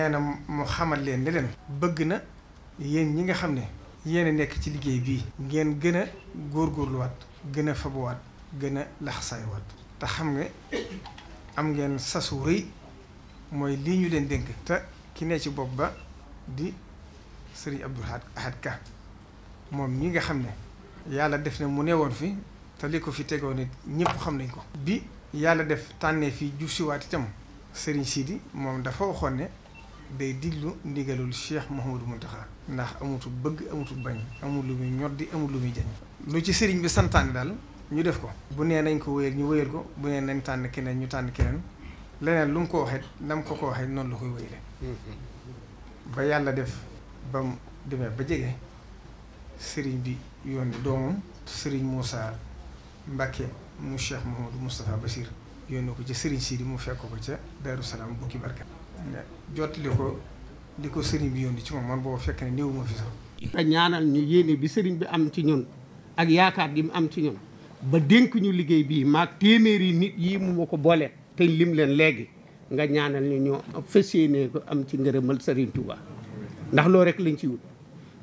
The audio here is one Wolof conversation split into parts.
nee na mu xamal leen ne leen bëgg na yéen ñi nga xam ne yéen a nekk ci liggéey bii ngeen gën a góor góorluwaat gën a fabuwaat gën a laxasaaywaat te xam nga am ngeen sasu rëy mooy lii ñu leen dénk te ki ne ci bopp ba di sëriñ Abdou Ahad Ka moom ñi nga xam ne yàlla def na mu newoon fi te li ko fi tegoo nit ñëpp xam nañ ko bi yàlla def tànnee fi jub siwaat itam sëriñ Sidi moom dafa waxoon ne day diglu ndigalul Cheikh Mouhamadou Mountakha ndax amatu bëgg amutu bañ amul lu muy ñoddi amul lu muy jañ lu ci sëriñ bi santaane daal ñu def ko bu nee nañ ko wéyal ñu wéyal ko bu nee nañ tànn keneen ñu tànn keneen leneen lu mu ko waxee nam ko ko waxee noonu la koy wéyale ba yàlla def ba mu demee ba jege sëriñ bi yónni doomam sëriñ Moussa Mbacke mu Cheikh Mouhamadou Moustapha Bachir yónni ko ci sëriñ Sidi mu fekk ko ca Daaru Salaam bukki barka nga jottali ko li ko sëriñ bi yónni ci moom man boo fekk ne néewuma fi sax. nga ñaanal ñu yéene bi sëriñ bi am ci ñun ak yaakaar gi mu am ci ñun ba dénk ñu liggéey bii maag téeméeri nit yii mu ma ko booleet te lim leen léegi nga ñaanal ñu ñoo fas yéene ko am ci ngërëmal sëriñ Touba ndax loo rek lañ ci wut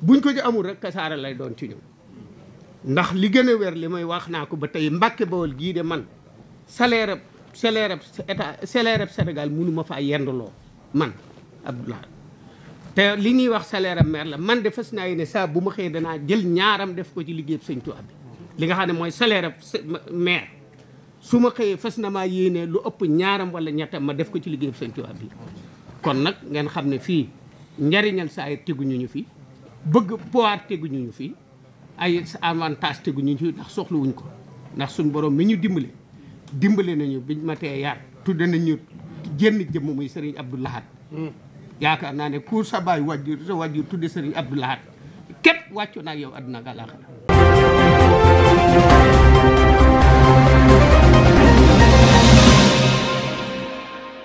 buñ ko ci amul rek kasaara lay doon ci ñun. ndax li gën a wér li may wax naa ko ba tey Mbàkke Bawol gii de man salaire salaire état salaire Sénégal mënu ma faa yendaloo man Abdoulaye te li ñuy wax salaire am la man de fas naa yéene saa bu ma xëyee danaa jël ñaaram def ko ci liggéeyub sëñ Tuubaa bi li nga xam ne mooy salaire maire su ma xëyee fas na maa yéene lu ëpp ñaaram wala ñettam ma def ko ci liggéeyub sëñ Tuubaa bi kon nag ngeen xam ne fii njariñal saa yi teguñu ñu fi bëgg pouvoir teguñu ñu fi ay avantage teguñu ñu fi ndax soxlawuñ ko ndax suñ borom mi ñu dimbale dimbale nañu biñ ma tey yaar tudde nañu génn jëmm muy Serigne Abdou Lahad hmm. yaakaar naa ne ku sa baay wàjjur sa wàjjur tudde Serigne Abdou Lahad képp wàccu naa yow àdduna ak